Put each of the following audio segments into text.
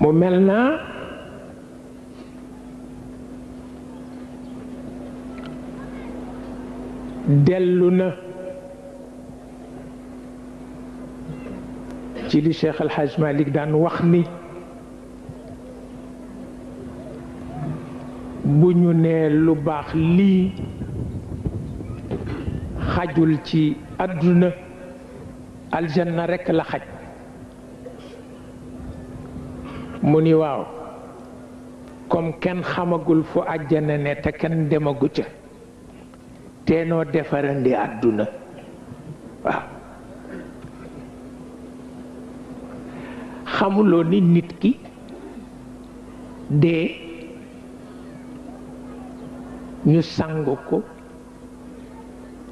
mu mel na dellu na ci li Cheikh Al Hadj Malick daan wax ni bu ñu nee lu baax lii xajul ci àdduna aljanna rekk la xaj mu ni waaw comme kenn xamagul fu àjjana ne te kenn demagu ca te noo defarandi àdduna waaw xamuloo ni nit ki dee ñu sangu ko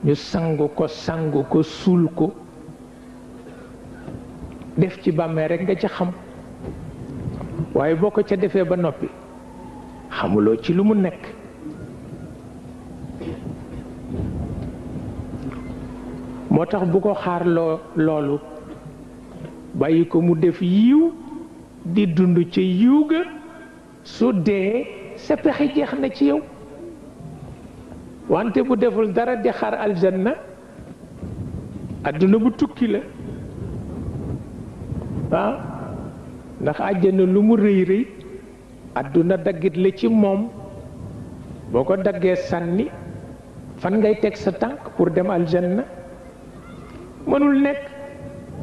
ñu sang ko sang ko suul ko def ci bàmmee rekk nga ca xam waaye boo ko ca defee ba noppi xamuloo ci lu mu nekk moo tax bu ko xaar loolu bàyyi ko mu def yiw di dund ca yiw ga su dee sa pexe jeex na ci yow wante bu deful dara di xaar aljanna adduna bu tukki la waaw ah? ndax àjjana lu mu rëy rëy àdduna daggit la ci moom boo ko daggee sànni fan ngay teg sa tànk pour dem na mënul nekk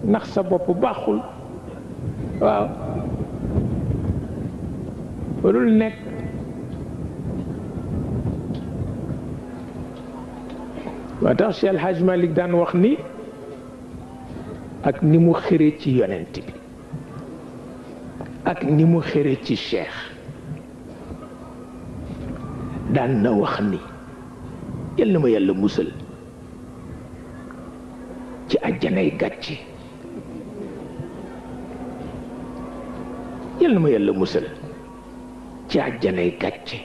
ndax sa bopp baaxul waaw mënul nekk waa tax Cheikh El Hadj daan wax ni ak ni mu xëree ci yonent bi ak ni mu xëre ci cheikh daan na wax ni yal ma yàlla musal ci àjjanay gàcce yal na ma yàlla musal ci àjjanay gàcce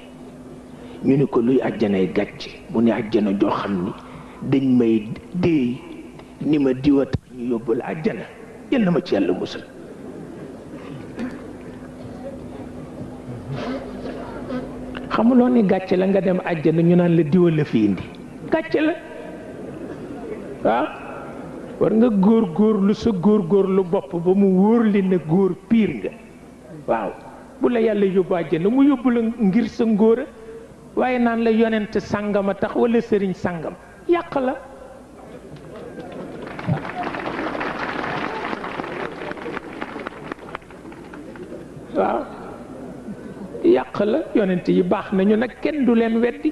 ñu ni ko luy àjjanay gàcc mu ne àjjana joo xam ni dañ may déey ni ma diwa tax ñu yóbbal àjjana yal ma ci yàlla musal xamuloo ni gàcce la nga dem àjjana ñu naan la diwal la fi indi gàcce la waaw ah? war nga góor góorlu sa góor lu bopp ba mu wóor li góor piir nga waaw bu la yàlla yóbbu àjjana mu yóbbu la ngir sa ngóora waaye naan la yonent sàngama tax wala sëriñ sàngam yàq la waaw yàq la yonent yi baax nañu nag kenn du leen weddi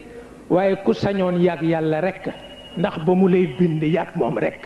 waaye ku sañoon yàgg yàlla rekk ndax ba mu lay bind yàgg moom rekk